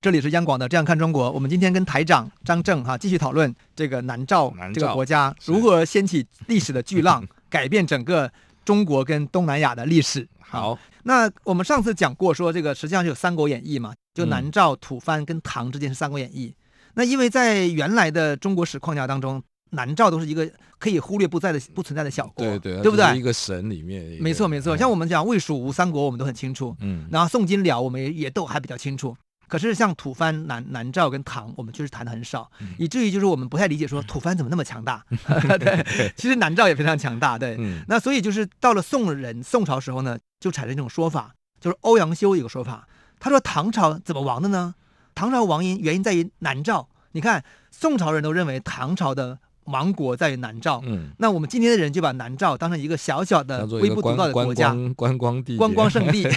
這裡是央廣的《這樣看中國》，我們今天跟台長張正哈、啊、繼續討論這個南詔兆這個國家如何掀起歷史的巨浪，是 改變整個中國跟東南亞的歷史。好、啊，那我們上次講過，說這個實際上就有《三國演義》嘛，就南詔、吐蕃、嗯、跟唐之間是《三國演義》。那因為在原來的中國史框架當中，南詔都是一個可以忽略不在的、不存在的小國，對對，對不對？一個省裡面沒，沒錯沒錯。嗯、像我們講魏蜀吳三國，我們都很清楚，嗯，然後宋金遼，我們也也都還比較清楚。可是像吐蕃、南南詔跟唐，我們確實談得很少，嗯、以至於就是我們不太理解，說吐蕃怎麼那麼強大？嗯、 對，其實南詔也非常強大，對。嗯、那所以就是到了宋人、宋朝時候呢，就產生一種說法，就是歐陽修一個說法，他說唐朝怎麼亡的呢？唐朝亡因原因在於南詔。你看宋朝人都認為唐朝的。王國在南詔，嗯、那我們今天的人就把南詔當成一個小小的、微不足道的國家，觀光，觀光地、觀光聖地，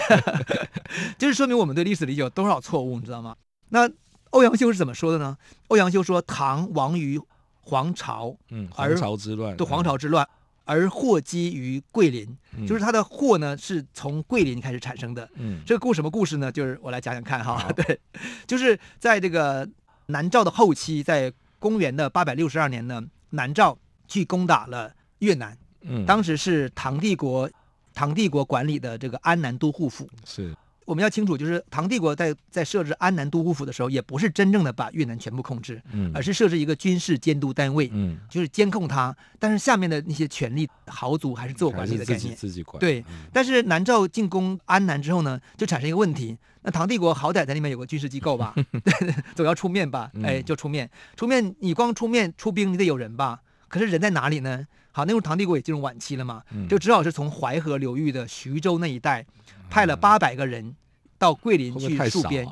就是說明我們對歷史理解有多少錯誤，你知道嗎？那歐陽修是怎麼說的呢？歐陽修說：“唐亡於黃巢，而、嗯、黃巢之亂，而嗯、對，黃巢之亂，而禍基於桂林，嗯、就是他的禍呢，是從桂林開始產生的。嗯、這個故事什麼故事呢？就是我來講講看哈，好對，就是在這個南詔的後期，在。公元的八百六十二年呢，南詔去攻打了越南，嗯，當時是唐帝國，唐帝國管理的這個安南都護府是。我們要清楚，就是唐帝國在在設置安南都護府的時候，也不是真正的把越南全部控制，嗯、而是設置一個軍事監督單位，嗯、就是監控它。但是下面的那些權力豪族還是自我管理的概念，自己自己管。對，嗯、但是南詔進攻安南之後呢，就產生一個問題。那唐帝國好歹在那邊有個軍事機構吧， 總要出面吧？哎，就出面。出面，你光出面出兵，你得有人吧？可是人在哪裡呢？好，那時候唐帝國也進入晚期了嘛，嗯、就只好是從淮河流域的徐州那一帶。派了八百個人到桂林去戍、嗯啊、邊。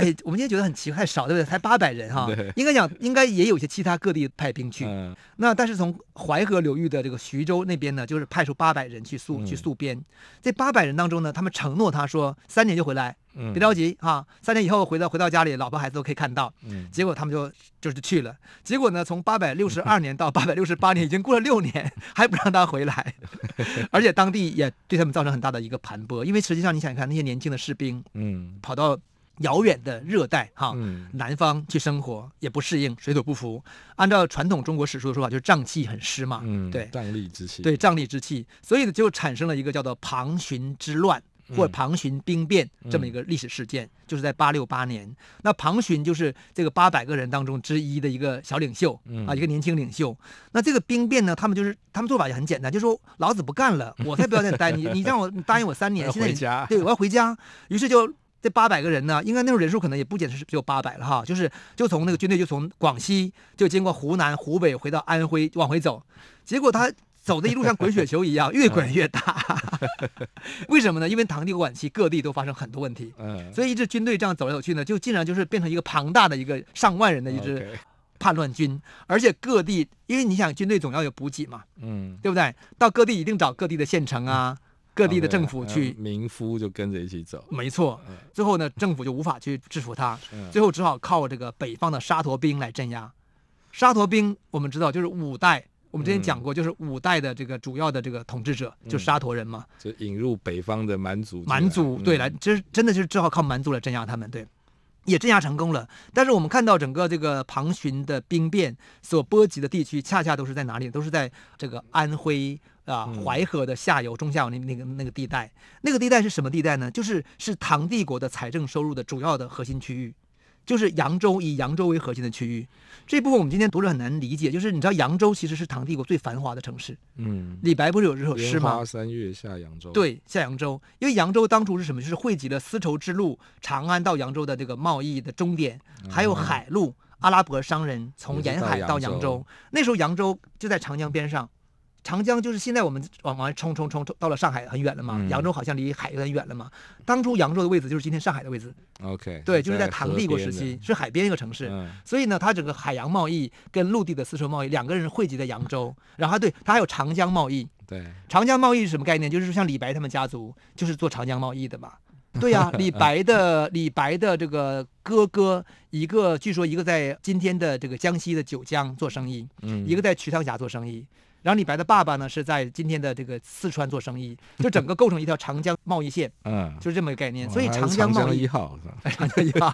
哎，我們今天覺得很奇怪，少對不對？才八百人哈，對應該講應該也有一些其他各地派兵去。嗯、那但是從淮河流域的這個徐州那邊呢，就是派出八百人去戍去戍邊。嗯、這八百人當中呢，他們承諾他說三年就回來，嗯，別着急哈，三年以後回到回到家裡，老婆孩子都可以看到。嗯，結果他們就就是去了。結果呢，從八百六十二年到八百六十八年，嗯、已經過了六年，還不讓他回來，嗯、而且當地也對他們造成很大的一個盤剝，因為實際上你想看那些年輕的士兵，嗯，跑到。遙遠的熱帶哈，嗯、南方去生活也不適應，水土不服。按照傳統中國史書的說法，就是瘴氣很濕嘛。嗯、對，瘴癘之氣，對，瘴癘之氣，對，癘之氣，所以呢，就產生了一個叫做龐勛之亂，嗯、或者龐勛兵變這麼一個歷史事件，嗯、就是在八六八年。那龐勛就是這個八百個人當中之一的一個小領袖，嗯、啊，一個年輕領袖。那這個兵變呢，他們就是他們做法也很簡單，就是，說老子不幹了，我才不要再待 你，你讓我你答應我三年，回家現在你對我要回家，於是就。這八百個人呢，應該那時候人數可能也不僅是只有八百了哈，就是就從那個軍隊就從廣西就經過湖南、湖北回到安徽往回走，結果他走的一路像滾雪球一樣， 越滾越大， 為什麼呢？因為唐帝國晚期各地都發生很多問題，所以一支軍隊這樣走來走去呢，就竟然就是變成一個龐大的一個上萬人的一支叛亂軍，而且各地因為你想軍隊總要有補給嘛，嗯，對不對？到各地一定找各地的縣城啊。嗯各地的政府去，民、啊啊、夫就跟着一起走。沒錯，最後呢，政府就無法去制服他，嗯、最後只好靠這個北方的沙陀兵來鎮壓。沙陀兵，我們知道就是五代，嗯、我們之前講過，就是五代的這個主要的這個統治者、嗯、就是沙陀人嘛。就引入北方的蠻族、啊，蠻族對來，這真的就是只好靠蠻族來鎮壓他們，對，也鎮壓成功了。但是我們看到整個這個龐勛的兵變所波及的地區，恰恰都是在哪裡？都是在這個安徽。啊，淮河的下游、中下游那那個那個地帶，嗯、那個地帶是什麼地帶呢？就是是唐帝國的財政收入的主要的核心區域，就是揚州以揚州為核心的區域。這部分我們今天讀者很難理解，就是你知道揚州其實是唐帝國最繁華的城市。嗯，李白不是有這首詩嗎？“煙花三月下揚州。”對，下揚州，因為揚州當初是什麼？就是匯集了絲綢之路、長安到揚州的這個貿易的終點，還有海路。阿拉伯商人從沿海到揚州。那時候揚州就在長江邊上。長江就是現在我們往往外沖沖沖到了上海很遠了嘛，揚州、嗯、好像離海很遠了嘛。當初揚州的位置就是今天上海的位置。Okay, 對，就是在唐帝國時期是海邊一個城市，嗯、所以呢，它整個海洋貿易跟陸地的絲綢貿易兩個人匯集在揚州，嗯、然後對，它還有長江貿易。對，長江貿易是什麼概念？就是說像李白他們家族就是做長江貿易的嘛。對呀、啊， 李白的李白的這個哥哥一個據說一個在今天的這個江西的九江做生意，嗯、一個在瞿塘峽做生意。然後李白的爸爸呢，是在今天的這個四川做生意，就整個構成一條長江貿易線， 嗯，就是這麼一個概念。所以長江貿易，哦、是長江一號，一號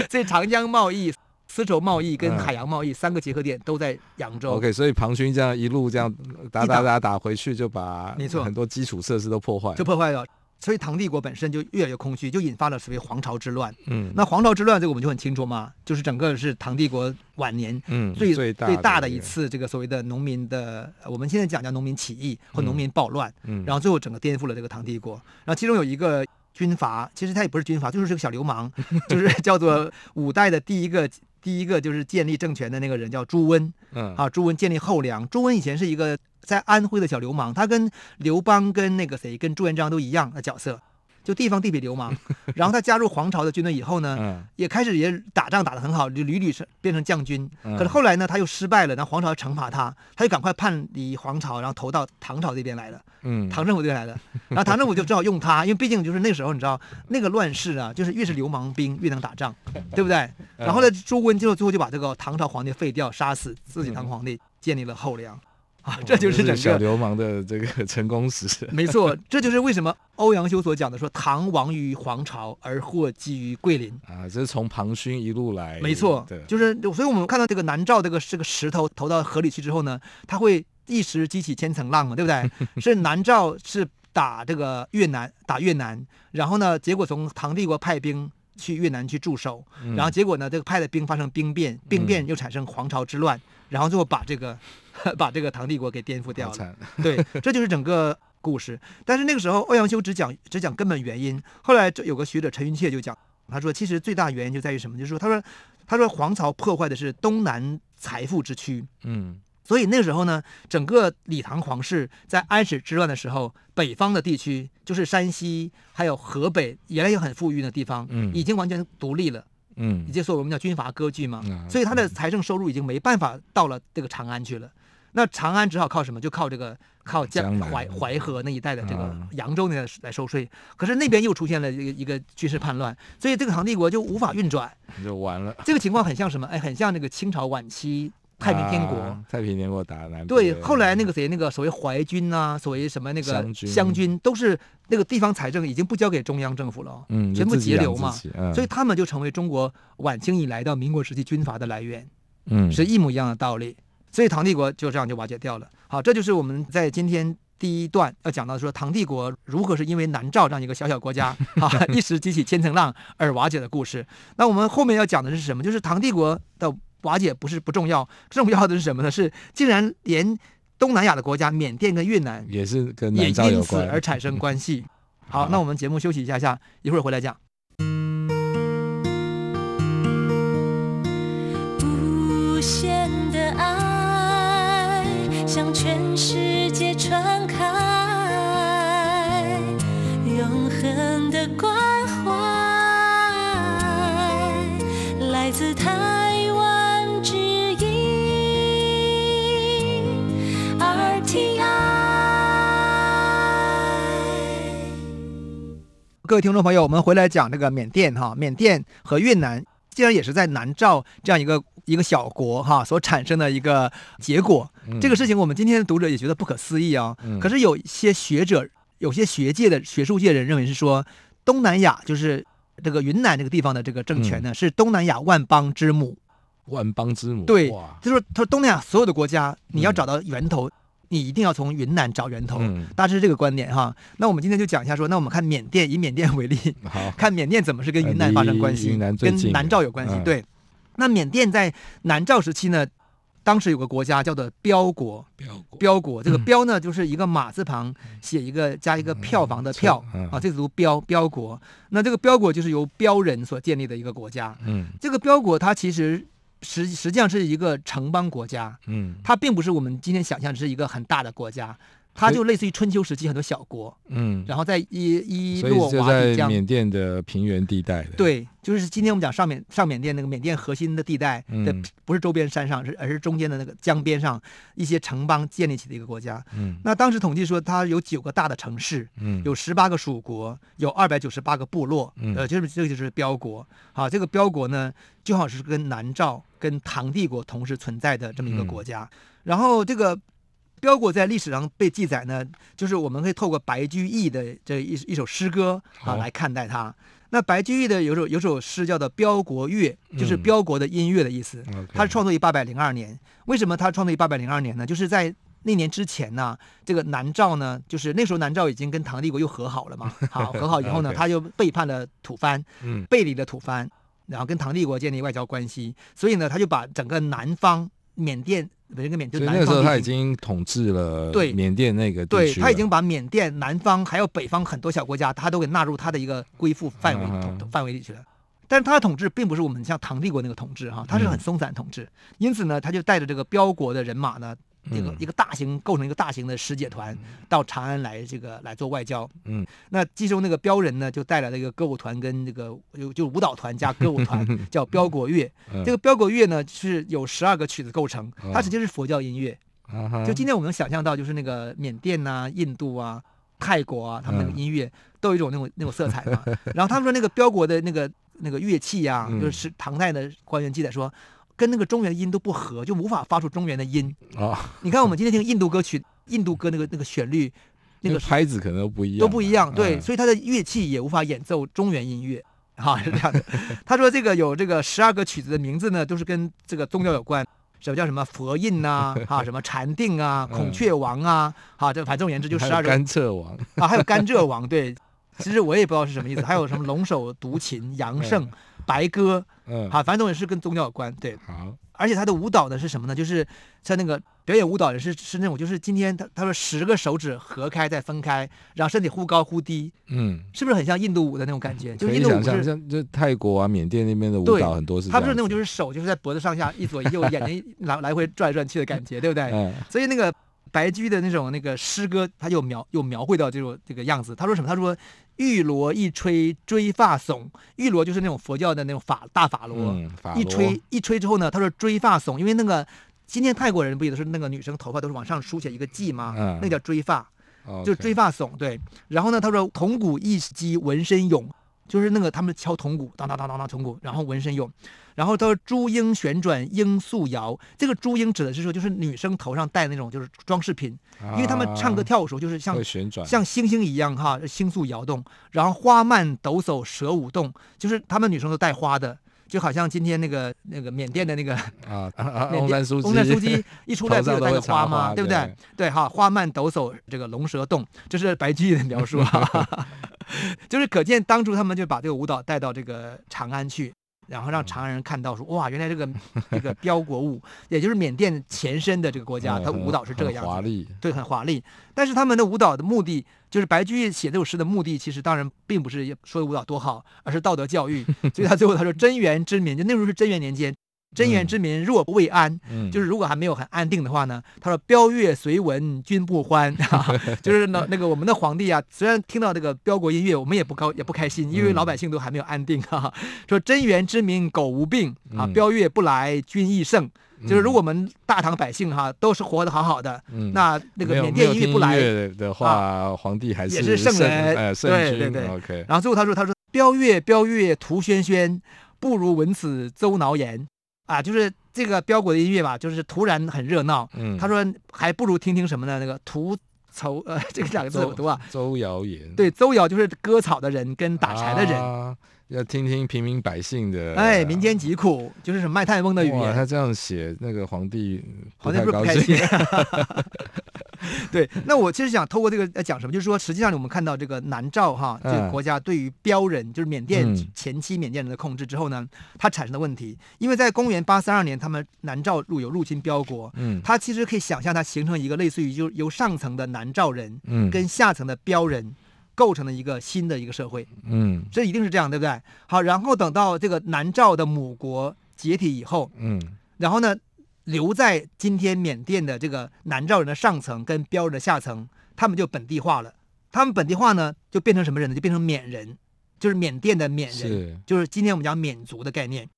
所以長江貿易、絲綢貿易跟海洋貿易、嗯、三個結合點都在揚州。OK，所以龐勳這樣一路這樣打打打打回去，就把很多基礎設施都破壞了，沒錯，就破壞了。所以唐帝國本身就越來越空虛，就引發了所謂黃巢之亂。嗯，那黃巢之亂這個我們就很清楚嘛，就是整個是唐帝國晚年最、嗯、最大的一次這個所謂的農民的，嗯、我們現在講叫農民起義和農民暴亂。嗯，嗯然後最後整個顛覆了這個唐帝國。然後其中有一個軍閥，其實他也不是軍閥，就是個小流氓，就是叫做五代的第一個 第一個就是建立政權的那個人叫朱溫。嗯，啊，朱溫建立後梁。朱溫以前是一個。在安徽的小流氓，他跟劉邦、跟那個誰、跟朱元璋都一樣的角色，就地方地痞流氓。然後他加入皇朝的軍隊以後呢，也開始也打仗打得很好，就屢屢是變成將軍。可是後來呢，他又失敗了，然後皇朝懲罰他，他就趕快叛離皇朝，然後投到唐朝這邊來了。嗯，唐政府這邊來的，然後唐政府就只好用他，因為畢竟就是那時候，你知道那個亂世啊，就是越是流氓兵越能打仗，對不對？然後呢，朱溫最後最後就把這個唐朝皇帝廢掉、殺死，自己當皇帝，建立了後梁。啊，這就是整個這是小流氓的這個成功史。沒錯，這就是為什麼歐陽修所講的說“唐亡於黃巢，而禍基於桂林”。啊，這是從龐勛一路來。沒錯，對，就是，所以，我們看到這個南詔這個這個石頭投到河裡去之後呢，它會一石激起千層浪嘛，對不對？ 是南詔是打這個越南，打越南，然後呢，結果從唐帝國派兵去越南去駐守，嗯、然後結果呢，這個派的兵發生兵變，兵變又產生黃巢之亂，然後最後把這個。 把這個唐帝國給顛覆掉了很慘， 對，這就是整個故事。但是那個時候，歐陽修只講只講根本原因。後來這有個學者陳寅恪就講，他說其實最大原因就在於什麼？就是說，他說他說黃巢破壞的是東南財富之區。嗯，所以那個時候呢，整個李唐皇室在安史之亂的時候，北方的地區就是山西還有河北，原來有很富裕的地方，嗯，已經完全獨立了，嗯，也就所我們叫軍閥割據嘛。嗯、所以他的財政收入已經沒辦法到了這個長安去了。那長安只好靠什麼？就靠這個靠江淮淮河那一帶的這個揚州那來收稅。啊、可是那邊又出現了一個一個軍事叛亂，所以這個唐帝國就無法運轉，就完了。這個情況很像什麼？哎，很像那個清朝晚期太平天國、啊。太平天國打南對，後來那個誰那個所謂淮軍啊，所謂什麼那個湘軍，嗯嗯、都是那個地方財政已經不交給中央政府了，全部截留嘛，嗯、所以他們就成為中國晚清以來到民國時期軍閥的來源，嗯，是一模一樣的道理。所以唐帝國就這樣就瓦解掉了。好，這就是我們在今天第一段要講到的說，唐帝國如何是因為南詔這樣一個小小國家啊，一石激起千層浪，而瓦解的故事。 那我們後面要講的是什麼？就是唐帝國的瓦解不是不重要，重要的是什麼呢？是竟然連東南亞的國家緬甸跟越南也是跟南詔有關，也因此而產生關係。嗯、好，好，那我們節目休息一下下，一會兒回來講。各位聽眾朋友，我們回來講這個緬甸哈，緬甸和越南竟然也是在南詔這樣一個一個小國哈所產生的一個結果。嗯、這個事情我們今天的讀者也覺得不可思議啊、哦。嗯、可是有一些學者，有些學界的學術界人認為是說，東南亞就是這個雲南這個地方的這個政權呢，嗯、是東南亞萬邦之母，萬邦之母。對，哇就是說他說東南亞所有的國家，你要找到源頭。嗯你一定要從雲南找源頭，大致這個觀點哈。嗯、那我們今天就講一下說，說那我們看緬甸，以緬甸為例，好看緬甸怎麼是跟雲南發生關係，南最近跟南詔有關係。嗯、對，那緬甸在南詔時期呢，當時有個國家叫做驃國，驃國，國，這個驃呢、嗯、就是一個馬字旁寫一個加一個票房的票、嗯、啊，這是讀驃驃國。那這個驃國就是由驃人所建立的一個國家。嗯，這個驃國它其實。實實際上是一個城邦國家，嗯，它並不是我們今天想象的是一個很大的國家。它就類似於春秋時期很多小國，嗯，然後在伊伊洛瓦底江，緬甸的平原地帶，對，就是今天我們講上緬上緬甸那個緬甸核心的地帶在、嗯、不是周邊山上，是而是中間的那個江邊上一些城邦建立起的一個國家。嗯，那當時統計說它有九個大的城市，嗯，有十八個屬國，有二百九十八個部落，嗯、呃，就是這個就是驃國，好、啊，這個驃國呢，就好像是跟南詔、跟唐帝國同時存在的這麼一個國家，嗯、然後這個。驃國在歷史上被記載呢，就是我們可以透過白居易的這一一首詩歌啊來看待他，哦。那白居易的有首有首詩叫做《驃國樂》，就是驃國的音樂的意思。嗯 okay. 他是創作於八百零二年。為什麼他創作於八百零二年呢？就是在那年之前呢，這個南詔呢，就是那時候南詔已經跟唐帝國又和好了嘛。好，和好以後呢， 嗯、他就背叛了吐蕃，嗯、背離了吐蕃，然後跟唐帝國建立外交關係。所以呢，他就把整個南方緬甸。那個緬就南方，那時候他已經統治了，對緬甸那個地區，對對，他已經把緬甸南方還有北方很多小國家，他都給納入他的一個歸附範圍統範圍裡去了。但是他的統治並不是我們像唐帝國那個統治哈，他是很鬆散的統治，嗯、因此呢，他就帶着這個驃國的人馬呢，一個一個大型構成一個大型的使節團到長安來，這個來做外交。嗯，那其中那個驃人呢，就帶來了一個歌舞團跟這個就就舞蹈團加歌舞團，叫驃國樂。嗯嗯、這個驃國樂呢，就是有十二個曲子構成，它實際是佛教音樂。哦、就今天我們想象到，就是那個緬甸啊、印度啊、泰國啊，他們那個音樂、嗯、都有一種那種那種色彩嘛。嗯、然後他們說那個驃國的那個那個樂器啊，嗯、就是唐代的官員記載說。跟那個中原音都不合，就無法發出中原的音啊！哦、你看我們今天聽印度歌曲，印度歌那個那個旋律，那個拍子可能都不一樣，都不一樣。對，嗯、所以他的樂器也無法演奏中原音樂，哈、嗯啊、是這樣的。他說這個有這個十二個曲子的名字呢，都、就是跟這個宗教有關，什麼叫什麼佛印吶、啊，哈、啊、什麼禪定啊，孔雀王啊，哈、啊、這反正言之就十二個。甘蔗王啊，還有甘蔗王，對，其實我也不知道是什麼意思。還有什麼龍首獨琴、楊勝。嗯嗯白鴿，嗯，反正也是跟宗教有關，對，好，而且他的舞蹈呢是什麼呢？就是像那個表演舞蹈也是是那種，就是今天他他說十個手指合開再分開，然後身體忽高忽低，嗯，是不是很像印度舞的那種感覺？嗯、就印度舞不是像就泰國啊、緬甸那邊的舞蹈對很多是，他不是那種就是手就是在脖子上下一左一右，眼睛來 來回轉來轉去的感覺，對不對？嗯、所以那個白居的那種那個詩歌，他有描有描繪到這種、個、這個樣子。他說什麼？他說。玉螺一吹追髮聳，玉螺就是那種佛教的那種法大法螺。嗯、法螺一吹一吹之後呢，他說追髮聳，因為那個今天泰國人不也是那個女生頭髮都是往上梳起來一個髻嗎？嗯、那個叫追髮，嗯、就是追髮聳，對。嗯、然後呢，他說銅鼓一擊紋身勇。就是那個他們敲銅鼓，當當當當當銅鼓，然後紋身用。然後他說珠纓旋轉，纓素搖。這個珠纓指的是說，就是女生頭上戴那種就是裝飾品，因為他們唱歌跳舞時候就是像、啊、像星星一樣哈，星宿搖動。然後花蔓抖擻，蛇舞動，就是他們女生都戴花的，就好像今天那個那個緬甸的那個啊，翁山蘇翁山蘇姬一出來就戴個花嘛花，對不對？對，對哈，花蔓抖擻，這個龍蛇動，這是白居易的描述哈 就是可見，當初他們就把這個舞蹈帶到這個長安去，然後讓長安人看到說，哇，原來這個這個驃國舞，也就是緬甸前身的這個國家，它舞蹈是這樣的，嗯、華麗，對，很華麗。但是他們的舞蹈的目的，就是白居易寫這首詩的目的，其實當然並不是說舞蹈多好，而是道德教育。所以他最後他說，貞元之民，就那時候是貞元年間。貞元之民若未安，嗯嗯、就是如果還沒有很安定的話呢？他說：“驃樂雖聞君不歡，啊、就是那那個我們的皇帝啊，雖然聽到這個驃國音樂，我們也不高也不開心，因為老百姓都還沒有安定啊。說貞元之民苟無病啊，驃樂不來君亦聖。嗯、就是如果我們大唐百姓哈、啊、都是活得好好的，嗯、那那個緬甸音樂不來的話，啊、皇帝還是也是聖人、哎。對對對 Okay 然後最後他說：“他說驃樂驃樂徒喧喧，不如聞此芻蕘言。”啊，就是這個標國的音樂吧，就是突然很熱鬧。嗯，他說還不如聽聽什麼呢？那個“圖愁”呃，這個兩個字周讀啊吧，“周堯”，對，“周堯”就是割草的人跟打柴的人。啊要聽聽平民百姓的哎，民間疾苦，就是什麼賣炭翁的語言。他這樣寫，那個皇帝太皇帝不開心。 對，那我其實想透過這個要講什麼，就是說實際上我們看到這個南詔哈，這個、啊、國家對於驃人，就是緬甸前期緬甸人的控制之後呢，嗯、它產生的問題。因為在公元八三二年，他們南詔入有入侵驃國，嗯，其實可以想象，它形成一個類似於就是由上層的南詔人，嗯，跟下層的驃人。嗯嗯構成了一個新的一個社會，嗯，這一定是這樣，對不對？好，然後等到這個南詔的母國解體以後，嗯，然後呢，留在今天緬甸的這個南詔人的上層跟驃人的下層，他們就本地化了。他們本地化呢，就變成什麼人呢？就變成緬人，就是緬甸的緬人，是就是今天我們講緬族的概念。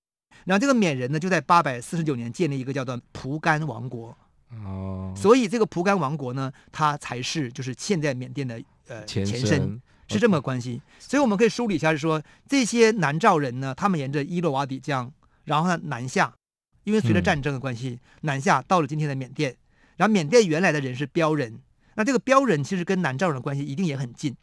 然後這個緬人呢，就在八百四十九年建立一個叫做蒲甘王國，哦，所以這個蒲甘王國呢，它才是就是現在緬甸的。呃，前身，哦、是這麼個關係，所以我們可以梳理一下，是說這些南詔人呢，他們沿着伊洛瓦底江，然後呢，南下，因為隨着戰爭的關係，嗯、南下到了今天的緬甸，然後緬甸原來的人是驃人，那這個驃人其實跟南詔人的關係一定也很近，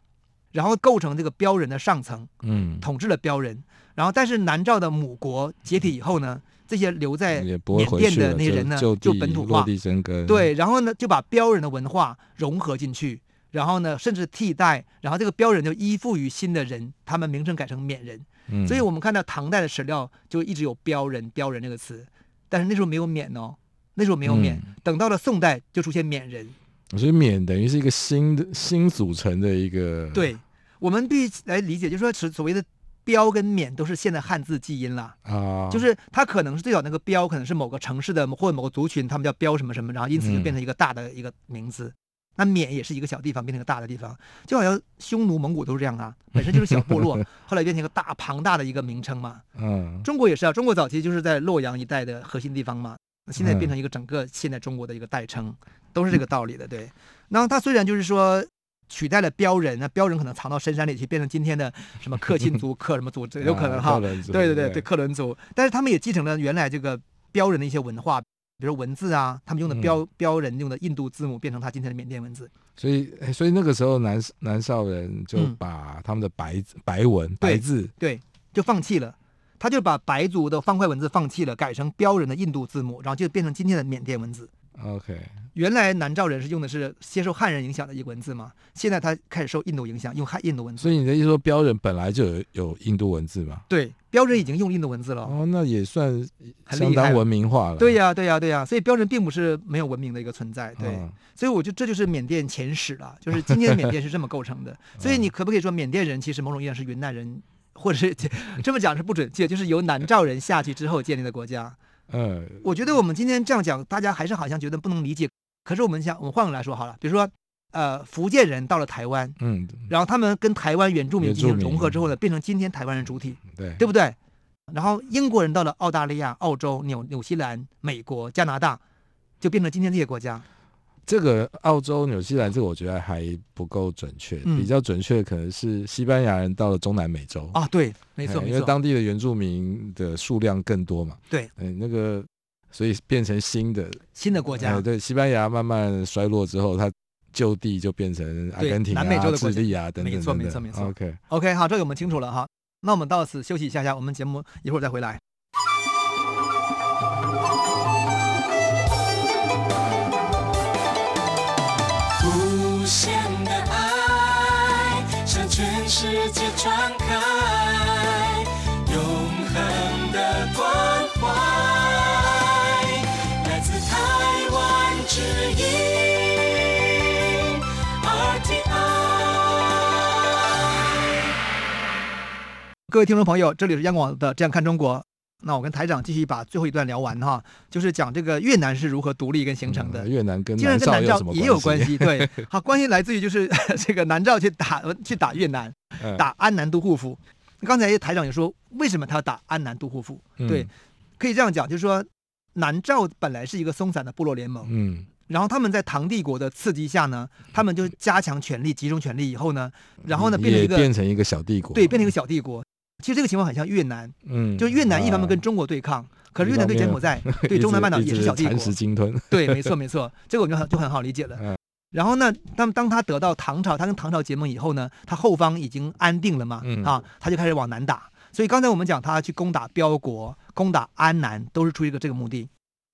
然後構成這個驃人的上層，嗯，統治了驃人，然後但是南詔的母國解體以後呢，嗯、這些留在緬甸的那些人呢，就，就，就本土化、落地生根、嗯、對，然後呢就把驃人的文化融合進去。然後呢，甚至替代，然後這個驃人就依附於新的人，他們名稱改成緬人。嗯、所以我們看到唐代的史料就一直有驃人、驃人這個詞，但是那時候沒有緬哦，那時候沒有緬。嗯、等到了宋代，就出現緬人。所以緬等於是一個新的新組成的一個。對，我們對於來理解，就是說，所所謂的驃跟緬都是現代漢字記音了啊，哦、就是它可能是最早那個驃，可能是某個城市的或者某個族群，他們叫驃什麼什麼，然後因此就變成一個大的一個名字。嗯那緬也是一個小地方變成一個大的地方，就好像匈奴、蒙古都是這樣啊，本身就是小部落，後來變成一個大龐大的一個名稱嘛。嗯。中國也是啊，中國早期就是在洛陽一帶的核心地方嘛，那現在變成一個整個現在中國的一個代稱，都是這個道理的。對。那它雖然就是說取代了驃人，那驃人可能藏到深山裡去，變成今天的什麼克欽族、克什麼族，有可能哈。克倫族。對對對對，對，克倫族。但是他們也繼承了原來這個驃人的一些文化。.比如文字啊，他們用的標、嗯、標人用的印度字母，變成他今天的緬甸文字，所以所以那個時候南南詔人就把他們的白、嗯、白文白字對，對就放棄了，他就把白族的方塊文字放棄了，改成標人的印度字母，然後就變成今天的緬甸文字。OK。原來南詔人是用的是接受漢人影響的一個文字嘛？現在他開始受印度影響，用漢印度文字。所以你的意思說，驃人本來就有印度文字嘛？對，驃人已經用印度文字了。哦，那也算相當文明化了。對呀，對呀、啊，對呀、啊啊。所以驃人並不是沒有文明的一個存在。對，嗯、所以我覺得就是緬甸前史了，就是今天的緬甸是這麼構成的。嗯、所以你可不可以說，緬甸人其實某種意義上是雲南人，或者是這麼講是不準確，就是由南詔人下去之後建立的國家。嗯、呃，我覺得我們今天這樣講，大家還是好像覺得不能理解。可是我們想，我們換個來說好了，比如說，呃，福建人到了台灣，嗯，然後他們跟台灣原住民進行融合之後呢，變成今天台灣人主體，嗯、對，對不對？然後英國人到了澳大利亞、澳洲、紐紐西蘭、美國、加拿大，就變成今天這些國家。這個澳洲、紐西蘭這個我覺得還不夠準確，嗯、比較準確的可能是西班牙人到了中南美洲啊，對，沒錯，哎、沒錯，因為當地的原住民的數量更多嘛。對，嗯、哎，那個。所以變成新的新的國家，呃、對，西班牙慢慢衰落之後，它就地就變成阿根廷啊、南美洲的國家、智利啊等等等等，沒錯，沒錯，沒錯。OK，OK，okay，okay，好，這個我們清楚了哈。那我們到此休息一下下，我們節目一會兒再回來。各位聽眾朋友，這裡是央廣的《這樣看中國》，那我跟台長繼續把最後一段聊完哈，就是講這個越南是如何獨立跟形成的。嗯、越南跟既然跟南詔也有關係， 對，好，關係來自於就是這個南詔去打去打越南，打安南都護府。嗯、剛才台長也說，為什麼他要打安南都護府？對，嗯、可以這樣講，就是說南詔本來是一個鬆散的部落聯盟，嗯、然後他們在唐帝國的刺激下呢，他們就加強權力，集中權力以後呢，然後呢，也變成一個也變成一個小帝國，對，變成一個小帝國。其實這個情況很像越南，嗯，就是越南一方面跟中國對抗，啊、可是越南對柬埔寨、對中南半島也是小帝國，嗯啊、一直一直蠶食鯨吞。 對，沒錯沒錯，這個我覺得就,就很好理解了。啊、然後呢，當當他得到唐朝，他跟唐朝結盟以後呢，他後方已經安定了嘛，啊，他就開始往南打。嗯、所以剛才我們講他去攻打驃國、攻打安南，都是出於一個這個目的。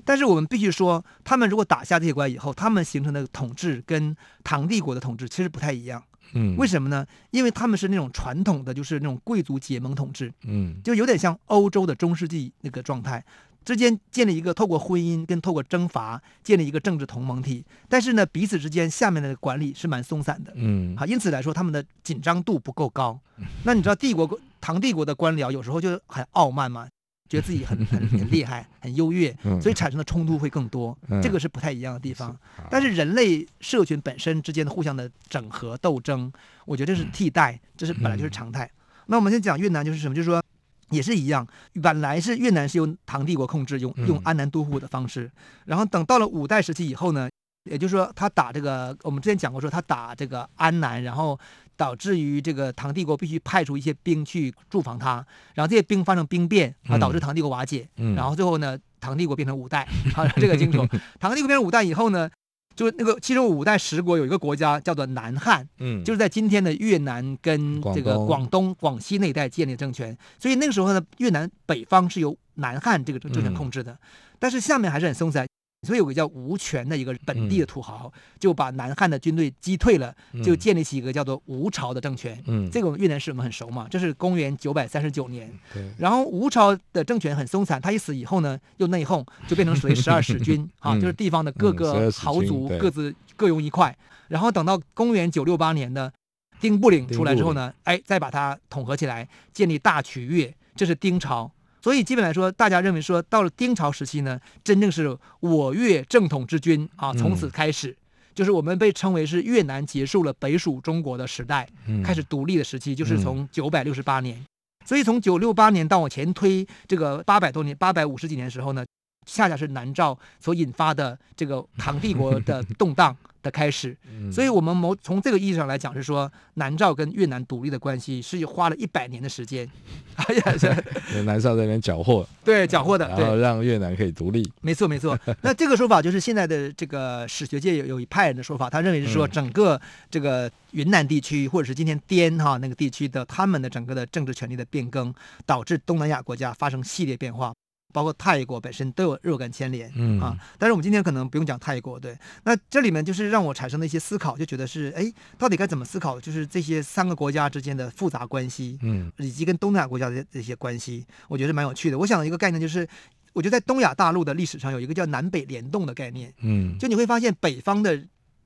但是我們必須說，他們如果打下這些國以後，他們形成的統治跟唐帝國的統治其實不太一樣。嗯，為什麼呢？因為他們是那種傳統的，就是那種貴族結盟統治，嗯，就有點像歐洲的中世紀那個狀態，之間建立一個透過婚姻跟透過征伐建立一個政治同盟體，但是呢，彼此之間下面的管理是蠻鬆散的，嗯，好，因此來說他們的緊張度不夠高。那你知道帝國唐帝國的官僚有時候就很傲慢嗎？ 覺得自己很很很厲害，很優越，所以產生的衝突會更多，嗯嗯、這個是不太一樣的地方。是但是人類社群本身之間的互相的整合鬥爭，我覺得這是替代，嗯、這是本來就是常態。嗯、那我們先講越南就是什麼，就是說也是一樣，本來是越南是由唐帝國控制，用用安南都護的方式。嗯、然後等到了五代時期以後呢，也就是說他打這個，我們之前講過說他打這個安南，然後。導致於這個唐帝國必須派出一些兵去駐防他，然後這些兵發生兵變，啊，導致唐帝國瓦解。嗯嗯、然後最後呢，唐帝國變成五代，啊，這個清楚。 唐帝國變成五代以後呢，就是那個其實五代十國有一個國家叫做南漢，嗯，就是在今天的越南跟這個廣東、廣東廣西那一帶建立政權。所以那個時候呢，越南北方是由南漢這個政權控制的，嗯、但是下面還是很鬆散。所以有個叫吳權的一個本地的土豪，嗯、就把南漢的軍隊擊退了，嗯、就建立起一個叫做吳朝的政權。嗯，這個我們越南史我們很熟嘛，這是公元九百三十九年。對、嗯。然後吳朝的政權很鬆散，對他一死以後呢，又內訌，就變成屬於十二使君 啊，嗯、就是地方的各個豪族、嗯、各自各擁一塊。然後等到公元九六八年呢，丁部領出來之後呢，哎，再把它統合起來，建立大瞿越，這是丁朝。所以基本來說，大家認為說到了丁朝時期呢，真正是我越正統之君啊，從此開始，就是我們被稱為是越南結束了北屬中國的時代，開始獨立的時期，就是從九百六十八年。所以從九六八年到往前推這個八百多年，八百五十幾年的時候呢。恰恰是南詔所引發的這個唐帝國的動盪的開始，所以我們從這個意義上來講，是說南詔跟越南獨立的關係是花了一百年的時間。哎呀，這南詔在那邊繳獲對，對繳獲的，然後讓越南可以獨立。沒錯，沒錯。那這個說法就是現在的這個史學界有有一派人的說法，他認為是說整個這個雲南地區，或者是今天滇哈那個地區的他們的整個的政治權力的變更，導致東南亞國家發生系列變化。包括泰國本身都有若干牽連，嗯啊，但是我們今天可能不用講泰國，對。那這裡面就是讓我產生的一些思考，就覺得是，誒，到底該怎麼思考？就是這些三個國家之間的複雜關係，嗯，以及跟東亞國家的這些關係，我覺得蠻有趣的。我想一個概念就是，我覺得在東亞大陸的歷史上有一個叫南北聯動的概念，嗯，就你會發現北方的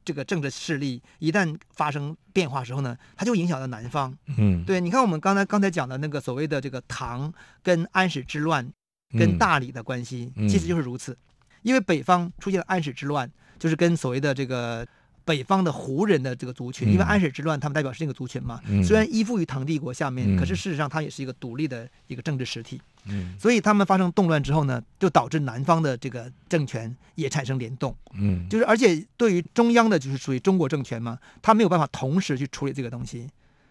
這個政治勢力一旦發生變化時候呢，它就影響到南方，嗯，對。你看我們剛才剛才講的那個所謂的這個唐跟安史之亂，跟大理的關係、嗯嗯、其實就是如此，因為北方出現了安史之亂，就是跟所謂的這個北方的胡人的這個族群，嗯、因為安史之亂他們代表是那個族群嘛，嗯、雖然依附於唐帝國下面，嗯、可是事實上它也是一個獨立的一個政治實體，嗯、所以他們發生動亂之後呢，就導致南方的這個政權也產生聯動，嗯，就是而且對於中央的就是屬於中國政權嘛，他沒有辦法同時去處理這個東西，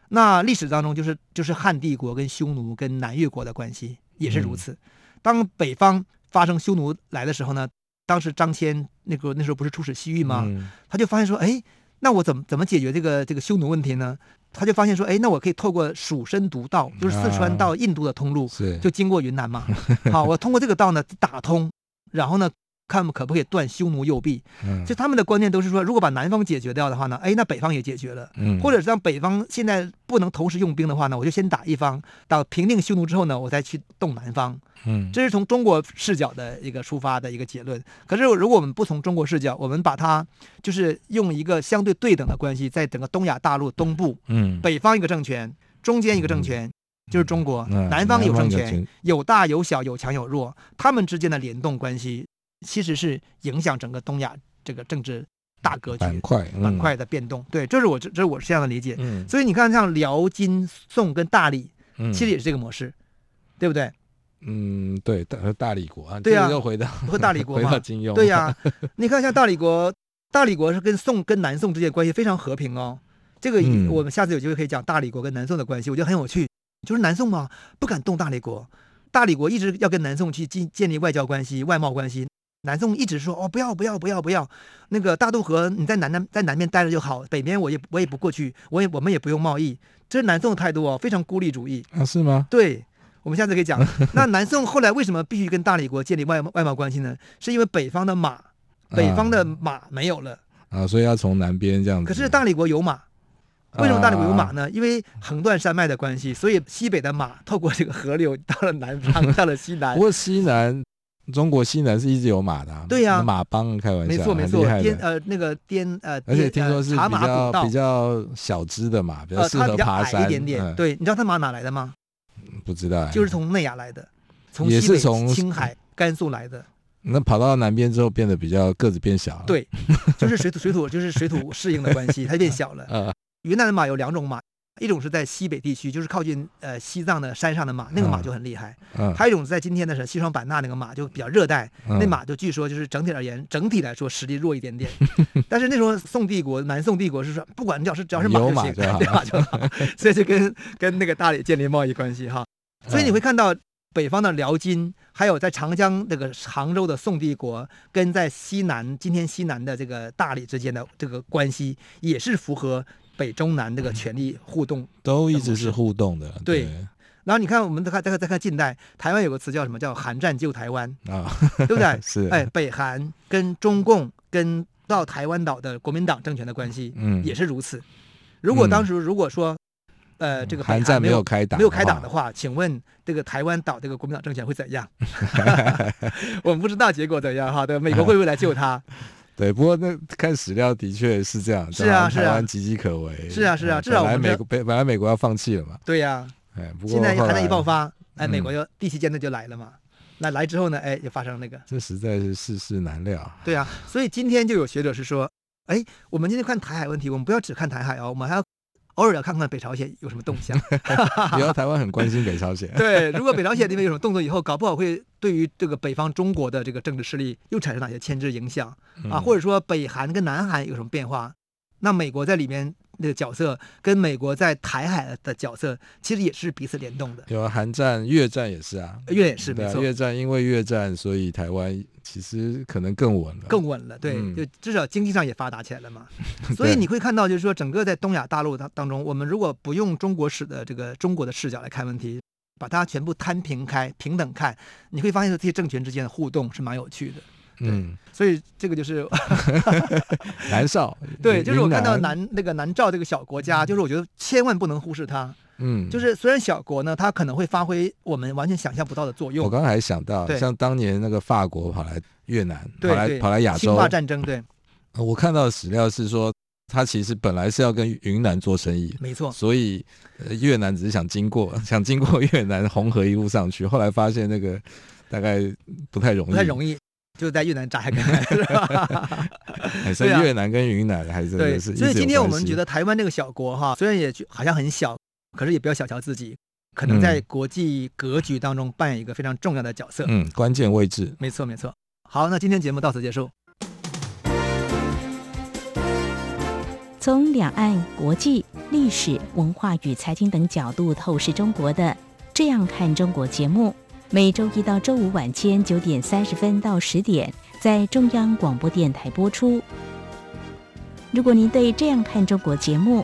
那歷史當中就是就是漢帝國跟匈奴跟南越國的關係也是如此。嗯當北方發生匈奴來的時候呢，當時張騫那個那時候不是出使西域嗎？他就發現說，哎，那我怎麼怎麼解決這個這個匈奴問題呢？他就發現說，哎，那我可以透過蜀身毒道，就是四川到印度的通路，啊、就經過雲南嘛。是好，我通過這個道呢打通，然後呢。看可不可以斷匈奴右臂，嗯，就他們的觀念都是說，如果把南方解決掉的話呢，哎，那北方也解決了，或者是讓北方現在不能同時用兵的話呢，我就先打一方，到平定匈奴之後呢，我再去動南方。嗯，這是從中國視角的一個出發的一個結論。可是如果我們不從中國視角，我們把它就是用一個相對對等的關係，在整個東亞大陸東部，嗯，北方一個政權，中間一個政權，就是中國，嗯，南方有政權，有大有小，有強有弱，他們之間的聯動關係。其實是影響整個東亞這個政治大格局板塊板塊的變動，對，這是我這這是我是這樣的理解。嗯，所以你看，像遼、金、宋跟大理，嗯，其實也是這個模式，嗯、對不對？嗯，對，大大理國啊，對呀、啊，要回到回到大理國嗎，回到金庸，對呀、啊。 你看，像大理國，大理國是跟宋跟南宋之間關係非常和平哦。嗯、這個我們下次有機會可以講大理國跟南宋的關係，我覺得很有趣。就是南宋嘛，不敢動大理國，大理國一直要跟南宋去建建立外交關係、外貿關係。南宋一直說哦，不要不要不要不要，那個大渡河你在南南在南面待着就好，北邊我也我也不過去，我也我們也不用貿易，這是南宋的態度哦，非常孤立主義啊，是嗎？對，我們下次可以講。 那南宋後來為什麼必須跟大理國建立外外貿關係呢？是因為北方的馬，北方的馬沒有了啊，啊，所以要從南邊這樣子。可是大理國有馬，為什麼大理國有馬呢？啊，因為橫斷山脈的關係，所以西北的馬透過這個河流到了南方，到了西南。 不過西南，中國西南是一直有馬的，對呀，馬幫開玩笑，沒錯沒錯，很厲害，呃那個滇，呃，而且聽說是比較比較小只的馬，比較適合爬山一點點。對，你知道它馬哪來的嗎？不知道，就是從內亞來的，也是從青海甘肅來的。那跑到南邊之後，變得比較個子變小了。對，就是水土水土就是水土適應的關係，它變小了。雲南的馬有兩種馬。一種是在西北地區，就是靠近呃西藏的山上的馬，那個馬就很厲害；嗯嗯、還有一種是在今天的時候，西雙版納那個馬就比較熱帶，嗯、那馬就據說就是整體而言，整體來說實力弱一點點。嗯、但是那時候宋帝國，南宋帝國是說，不管只要是只要是馬就行，對吧？馬就 所以就跟跟那個大理建立貿易關係哈。所以你會看到北方的遼金，還有在長江這個杭州的宋帝國，跟在西南今天西南的這個大理之間的這個關係，也是符合。北中南這個權力互動、嗯、都一直是互動的，對。對，然後你看，我們再看再看再看近代台灣有個詞叫什麼叫“韓戰救台灣”啊、哦，對不對？是哎，北韓跟中共跟到台灣島的國民黨政權的關係，嗯，也是如此。嗯、如果當時如果說、嗯、呃這個韓，韓戰沒有開打沒有開打的話，哇請問這個台灣島這個國民黨政權會怎樣？ 我們不知道結果怎樣哈，對，美國會不會來救他？ 對，不過那看史料的確是這樣，台灣岌，岌岌可危。是啊是啊，是啊，是啊、嗯，本來美國本來美國要放棄了嘛。對呀、啊，哎，不過現在台灣一爆發，哎，美國就、嗯、第七艦隊就來了嘛。那來之後呢，哎，又發生那個。這實在是世事難料。對啊，所以今天就有學者是說，哎，我們今天看台海問題，我們不要只看台海哦，我們還要。偶爾要看看北朝鮮有什麼動向， 比較台灣很關心北朝鮮。 對，如果北朝鮮那邊有什麼動作，以後搞不好會對於這個北方中國的這個政治勢力又產生哪些牽制影響啊？或者說北韓跟南韓有什麼變化？那美國在裡面的角色跟美國在台海的角色其實也是彼此聯動的。有啊，韓戰、越戰也是啊，越也是，沒錯對，越戰因為越戰，所以台灣。其實可能更穩了，更穩了，對，嗯、就至少經濟上也發達起來了嘛。所以你會看到，就是說，整個在東亞大陸當當中，對我們如果不用中國史的這個中國的視角來看問題，把它全部攤平開，平等看，你會發現這些政權之間的互動是蠻有趣的。對，嗯，所以這個就是 南詔，南，對，就是我看到南那個南詔這個小國家，嗯、就是我覺得千萬不能忽視它。嗯，就是雖然小國呢，它可能會發揮我們完全想象不到的作用。我剛才還想到，對像當年那個法國跑來越南，跑來對對跑來亞洲，侵華戰爭，對、呃。我看到的史料是說，他其實本來是要跟雲南做生意，沒錯。所以、呃、越南只是想經過，想經過越南紅河一路上去，後來發現那個大概不太容易。不太容易就在越南扎一根， 是吧？ 所以越南跟雲南還是真、啊、是對。所以今天我們覺得台灣這個小國哈，雖然也好像很小。可是也不要小瞧自己，可能在國際格局當中扮演一個非常重要的角色。嗯，關鍵位置，沒錯沒錯。好，那今天節目到此結束。從兩岸、國際、歷史、文化與財經等角度透視中國的《這樣看中國》節目，每周一到周五晚間九點三十分到十點在中央廣播電台播出。如果您對《這樣看中國》節目，